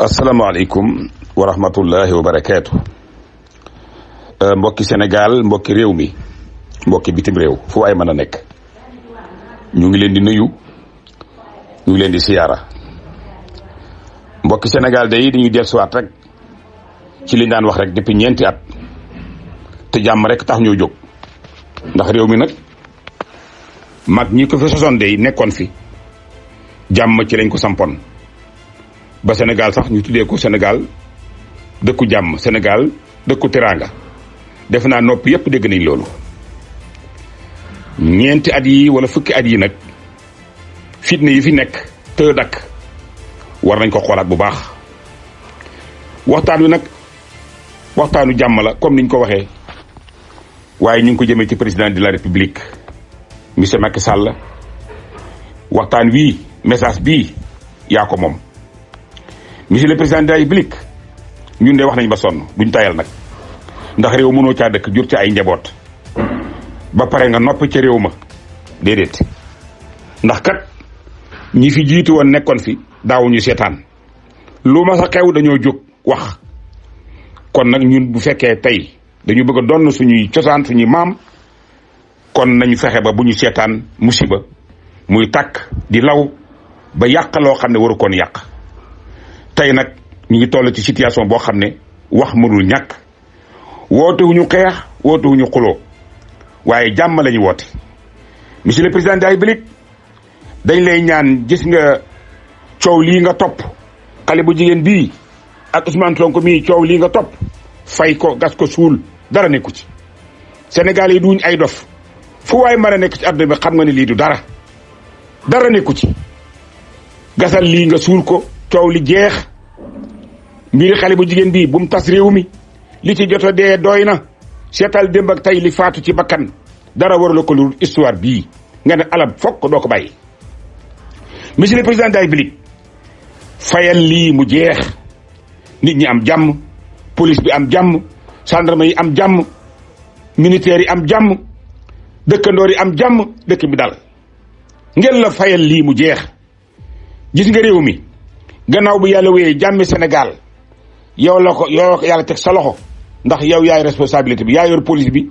asalaamaaleykum wa rahmatullahi wa barakaatu euh, mbokki Sénégal mbokki réew mi mbokki bitim réew fu ay mën a nekk ñu ngi leen di nuyu ñu ngi leen di siyaara mbokki Sénégal day dañuy dellusiwaat rek ci li daan wax rek depuis ñeenti at te jàmm rek tax ñoo jóg ndax réew mi nag mag ñi ko fi sosoon day nekkoon fi jàmm ci lañ ko sampoon ba Sénégal sax ñu tuddee ko Sénégal dëkku jàmm Sénégal dëkku teraanga defe naa nopp yépp dégg nañ loolu ñeenti at yi wala fukki at yi nag fitna yi fi nekk te dakk war nañ ko xoolaat bu baax waxtaan wi nag waxtaanu jàmm la comme niñ ko waxee waaye ñu ngi ko jëmee ci président de la république monsieur Macky Sall waxtaan wii message bii yaa ko moom monsieur le président de la république ñun de wax nañ ba sonn duñ tayal nag ndax réew mënoo caa dëkk jur ci ay njaboot ba pare nga noppi ca réew ma déedéet ndax ñi fi jiitu woon nekkoon fi daawuñu seetaan lu ma sa dañoo jóg wax kon nag ñun bu fekkee tey dañu bëgg a donn suñuy cosaan suñuy maam kon nañu fexe ba bu ñu seetaan musiba muy tàkk di law ba yàq loo xam ne waru koon yàq tey nag ñu ngi toll ci situation boo xam ne wax mënul ñàkk wootewuñu xeex wootewuñu xuloo waaye jàmm la woote monsieur le président de la République dañ lay ñaan gis nga coow lii nga topp xale bu jigéen bii ak Ousmane Sonko mii coow lii nga topp fay ko gas ko suul dara nekku ci Sénégal yi duñ ay dof fu waay mën a nekk ci àdduna bi xam nga ne lii du dara dara nekku ci gasal lii nga suul ko coow li jeex mbiri xale bu jigéen bii bu mu tas réew mi li ci joto a dee doy na seetal démb ak tey li faatu ci bakkan dara warula ko lu histoire bii nga ne alal fokk doo ko bàyyi monsieur le président de la République fayal lii mu jeex nit ñi am jàmm police bi am jàmm gendarme yi am jàmm militaires yi am jàmm dëkkandoor yi am jàmm dëkk bi dal ngeen la fayal lii mu jeex gis nga réew mi gannaaw bi yàlla wéyee jàmmi Sénégal yow la ko yow ko yàlla teg sa loxo ndax yow yaay responsabilité bi yaa yor police bi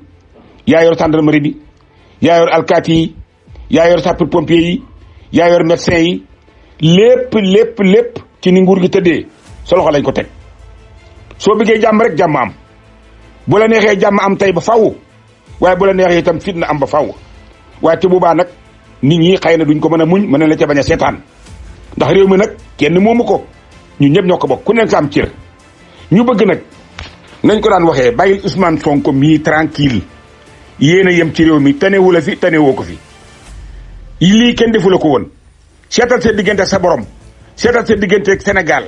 yaa yor gendarmerie bi yaa alkaati yi yaa yor sapeur yi yaa médecin yi lépp lépp ci ni nguur gi tëddee soloxo lañ ko teg soo bëggee jàmm rek jàmm am bu la neexee jàmm am tey ba faw waaye bu la neexee itam fitna am ba faw waaye te boobaa nag nit ñi xëy na duñ ko mën a muñ mën na la ca bañ a seetaan ndax réew mi nag kenn moomu ko ñu ñëpp ñoo ko bokk ku nekk am cër ñu bëgg nag nañ ko daan waxee bàyyil Ousmane Sonko mii tranquille yéen a yem ci réew mi tanewu la fi ko fi lii kenn defu ko woon seetal sa diggante sa borom seetal sa diggante ak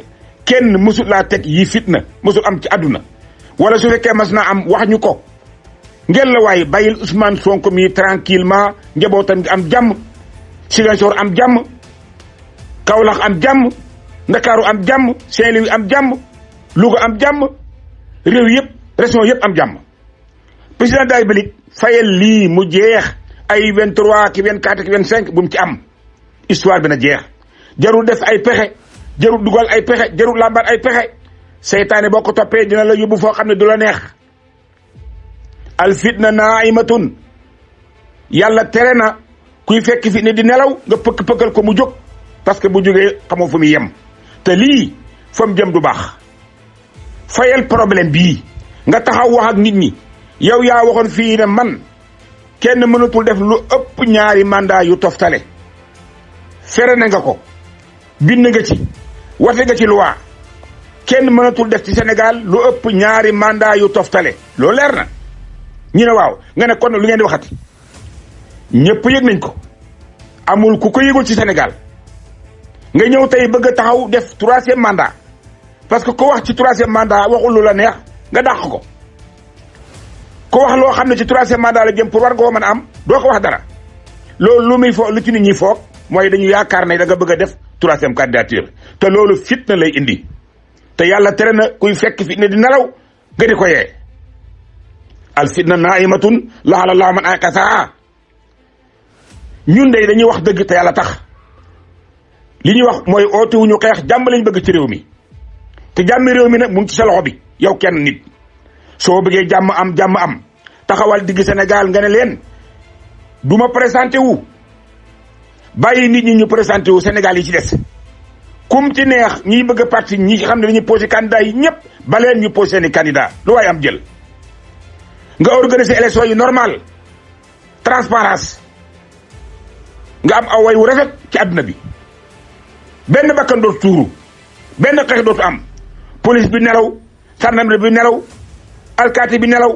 kenn mësul laa teg yi fitna mësul am ci àdduna wala su mas naa am wax ñu ko ngeen waaye bàyyil Ousmane Sonko mii tranquillement njabootam am jàmm Ziguinchor am jàmm Kaolack am jàmm Ndakaaru am jàmm Saint-Louis am jàmm Louga am jàmm réew yëpp région yëpp am jàmm président de la République fayal lii mu jeex ay 23 ki 24 ki 25 bu mu ci am histoire bi na jeex jarul def ay pexe jarul dugal ay pexe jarul làmbar ay pexe seytaane boo ko toppee dina la yóbbu foo xam ne du la neex al fitna naaimatun yàlla tere na kuy fekk fi ne di nelaw nga pëkk-pëkkal ko mu jóg parce que bu jógee xamoo fu muy yem te lii fa jëm du baax fayal problème bii nga taxaw wax ak nit ñi yow yaa waxoon fii ne man kenn mënatul def lu ëpp ñaari màndaa yu toftale fere na nga ko bind nga ci wate nga ci loi kenn mënatul def ci Sénégal lu ëpp ñaari mandat yu toftale loolu leer na ñu ne waaw nga ne kon lu ngeen di waxati ñëpp yëg nañ ko amul ku ko yëgul ci Sénégal nga ñëw tey bëgg a taxaw def troisième mandat parce que ko wax ci troisième mandat waxul lu la neex nga dàq ko ko wax loo xam ne ci troisième mandat la jëm pour war nga ko mën a am doo ko wax dara loolu lu muy foog lu ci nit ñi foog mooy dañu yaakaar ne da nga bëgg def troisième candidature te loolu fitna lay indi te yàlla tere na kuy fekk fitna di nalaw nga di ko yee al fitna naimatun laala laa man ay kasaa ñun day dañuy wax dëgg te yàlla tax li ñuy wax mooy oote wu ñu xeex jàmm lañ bëgg ci réew mi te jàmm réew mi nag mu ngi ci sa loxo bi yow kenn nit soo bëggee jàmm am jàmm am taxawal digg Sénégal nga ne leen du ma présenté wu bàyyi nit ñi ñu présenté wu Sénégal yi ci des kum ci neex ñiy bëgg a parti ñi xam ne dañuy posé candidat yi ñëpp ba leen ñu posé seeni candidat lu waaye am jël nga organiser élection yi normal transparence nga am aw way wu rafet ci àdduna bi benn bakkan dootu tuuru benn xeex am police bi nelaw gendarmerie bi nelaw alkaati bi nelaw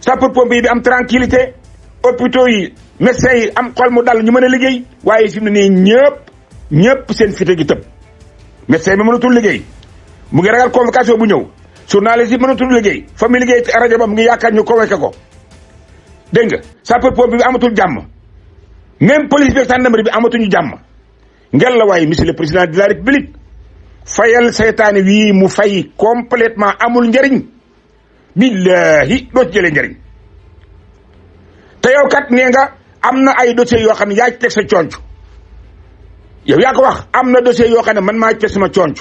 sapeur pompier bi am tranquillité hôpitaux yi médecins yi am xol mu dal ñu mën a liggéey waaye fi mu ne nii ñëpp ñëpp seen fite gi tëb médecin bi mënatul liggéey mu ngi ragal convocation bu ñëw su naa journaliste yi mënatul liggéey fa mu liggéey rajo ba mu ngi yaakaar ñu convoqué ko dégg nga sapeur pompier bi amatul jàmm même police bi gendarmerie bi amatuñu jàmm ngel la waaye monsieur le président de la république fayal seytaane wii mu fay complètement amul njëriñ billahi doo ci jëlee njëriñ te yow kat nee nga am na ay dossiers yoo xam ne yaa ci teg sa conc yow yaa ko wax am na dossier yoo xam ne man maa ci teg sama conc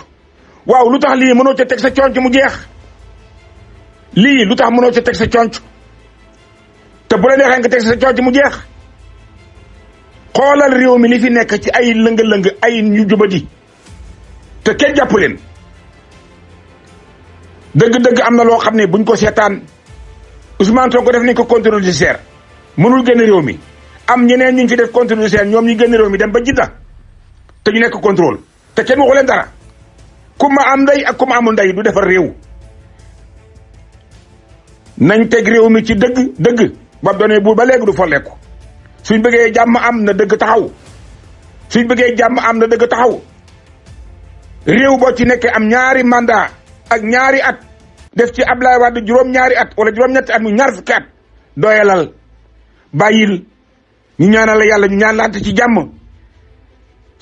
waaw lu tax lii mënoo ca teg sa conc mu jeex lii lu tax mënoo ca teg sa conc te bu la neexee nga teg sa conc mu jeex xoolal réew mi li fi nekk ci ay lënga lëng ay ñu jubadi te kenn jàpp leen dëgg-dëgg am na loo xam ne buñ ko seetaan Ousmane ko def nañ ko contrôle judiciaire mënul génn réew mi am ñeneen ñu fi def contrôle judiciaire ñoom ñu génn réew mi dem ba jidda te ñu nekk contrôle te kenn waxu leen dara ku am ndey ak ku ma amul ndey du defar réew nañ teg réew mi ci dëgg dëgg ba doonee buur ba léegi du folleeku suñ bëggee jàmm am na dëgg taxaw suñ bëggee jàmm am na dëgg taxaw réew boo ci nekkee am ñaari mandat ak ñaari at def ci ab Wade juróom-ñaari at wala juróom at mu ñaar fukki at doyalal bàyyil ñu ñaanal la yàlla ñu ñaan laante ci jàmm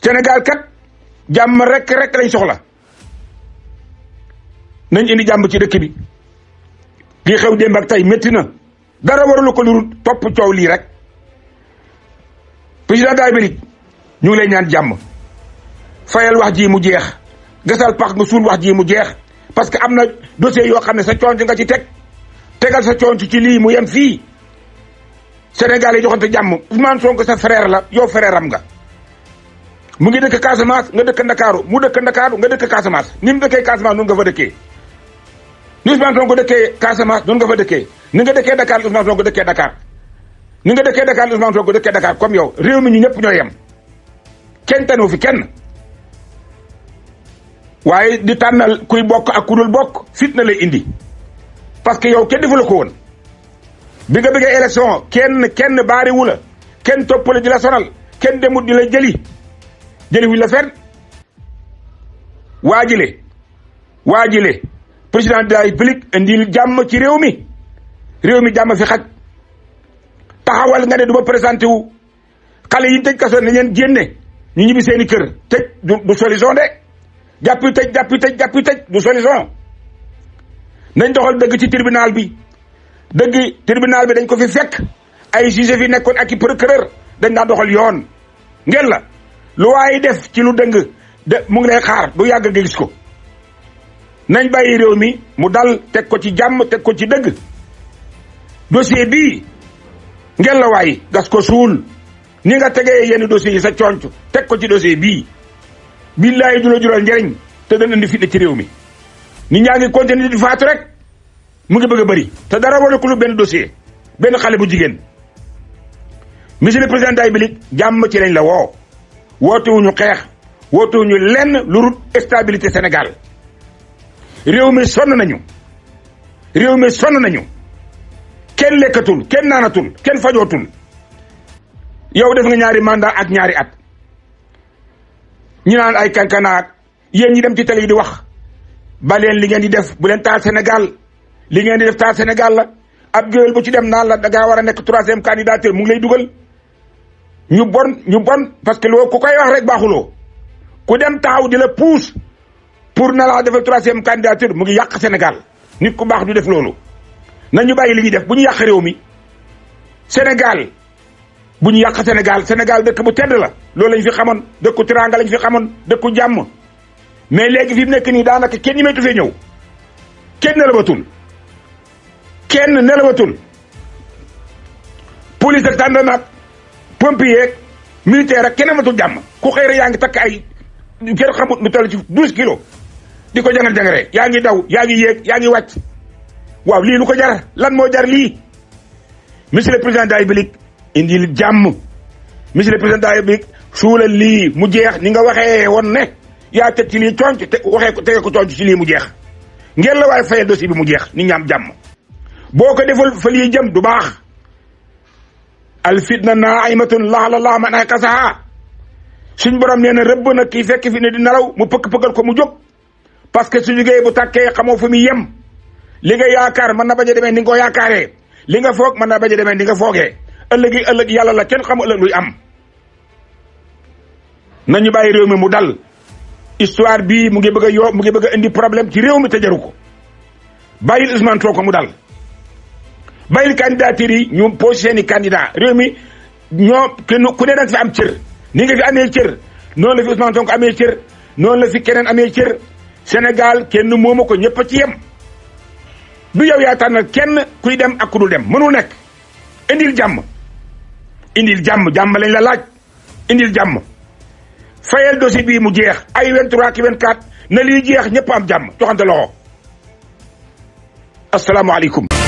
Sénégal kat jàmm rek rek lañ soxla nañ indi jàmm ci dëkk bi lii xew démb ak tey métti na dara waralu ko lu topp coow lii rek président de la République ñu ngi lay ñaan jàmm fayal wax jii mu jeex gasal pax nga suul wax ji mu jeex parce que am na dossier yoo xam ne sa coonc nga ci teg tegal sa coonc ci lii mu yem fii Sénégal yi joxante jàmm Ousmane Sonko sa frère la yow frère am nga mu ngi dëkk Casamance nga dëkk Ndakaaru mu dëkk Ndakaaru nga dëkk Casamance ni mu dëkkee Casamance noonu nga fa dëkkee ni Ousmane Sonko dëkkee Casamance noonu nga fa dëkkee ni nga dëkkee Dakar Ousmane Sonko dëkkee Dakar ni nga dëkkee Dakar Ousmane Sonko dëkkee Dakar comme yow réew mi ñu ñëpp ñoo yem kenn tanu fi kenn waaye di tànnal kuy bokk ak ku dul bokk fitna lay indi parce que yow kenn defu ko woon bi nga bëggee élection kenn kenn baariwu la kenn toppale di la sonal kenn demut di la jëli jëli wuñ la fenn waajile waajile président de la république indil jàmm ci réew mi réew mi jàmm fi xaj taxawal nga ne du ma wu xale yi tëj kaso na leen génne ñu ñibbi seen i kër tëj du du solution de jàppi tëj jàppi tëj jàppi tëj du solution nañ doxal dëgg ci tribunal bi dëgg tribunal bi dañ ko fi fekk ay juge fi nekkoon ak i procureur dañ daan doxal yoon ngeen la lu waaye def ci lu dëng de mu ngi lay xaar du yàgg nga ko nañ bàyyi réew mi mu dal teg ko ci jàmm teg ko ci dëgg dossier bii ngel la waay gas ko suul ni nga tegee yenn dossiers yi sa conc teg ko ci dossier bii billaahi du la jural njëriñ te dana indi fitna ci réew mi ni ñaa ngi continuer di faatu rek mu ngi bëgg a bëri te dara wara ku lu benn dossier benn xale bu jigéen monsieur le président de la jàmm ci lañ la woo wootewuñu xeex wootewuñu lenn lu rut stabilité Sénégal réew mi sonn nañu réew mi sonn nañu kenn lekkatul kenn naanatul kenn fajootul yow def ñaari mandat ak ñaari at ñu naan ay kankanaak yéen ñi dem ci télé yi di wax ba leen li ngeen di def bu leen taal Sénégal li ngeen di def taal Sénégal la ab géwél bu ci dem naan la da war a nekk troisième candidature mu ngi lay dugal ñu bon ñu bon parce que loo ku koy wax rek baaxuloo ku dem taxaw di la puus pour na laa defal troisième candidature mu ngi yàq Sénégal nit ku baax du def loolu nañu bàyyi li ñuy def bu ñu yàq réew mi Sénégal bu ñu yàq Sénégal Sénégal dëkk bu tedd la loolu lañ fi xamoon dëkku teraanga lañ fi xamoon dëkku jàmm mais léegi fi nekk nii daanaka kenn ñemeetu fee ñëw kenn nelawatul kenn nelawatul police ak tàndarma ak pompier ak militaire ak kenn amatul jàmm ku xëy yaa ngi takk ay kenn xamut nu toll ci douze kilos di ko jangal jangaree yaa ngi daw yaa ngi yéeg yaa ngi wàcc. waaw lii lu ko jar lan moo jar lii monsieur le président de la république indil jàmm monsieur le président de la république lii mu jeex ni nga waxee woon ne yaa teg ci lii conc te waxee ko tege ko conc ci lii mu jeex ngeen la waaye fayal dossier bi mu jeex ni ñaam jàmm boo ko defal fa lii jëm du baax al fitna naaimatun laala laa man akasaha suñ borom nee na rëbb na kii fekk fi ne di nelaw mu pëkk-pëkkal ko mu jog parce que su jógee bu tàkkee xamoo fu muy yem li nga yaakaar mën na bañ a demee ni nga ko li nga foog mën na bañ a demee foogee ëllëgi ëllëg yàlla la kenn xam ëllëg luy am nañu bàyyi réew mi mu dal histoire bi mu ngi bëgg a yoo mu ngi bëgg indi problème ci réew mi te jaru ko bàyyil ko Sonko mu dal bàyyil candidature yi ñu posé seeni candidat réew mi ñoo kenn ku ne danga fi am cër ni nga fi amee cër noonu la fi Ousmane Sonko amee cër noonu la fi keneen amee cër Sénégal kenn moomu ko ñëpp a ci yem du yow yaa tànnal kenn kuy dem ak ku dem mënul nekk indil jàmm indil jàmm jàmm lañ la laaj indil jàmm fayal dossier bii mu jeex ay 23 ki 24 na lii jeex ñëpp am jàmm joxante loxo asalaamaaleykum.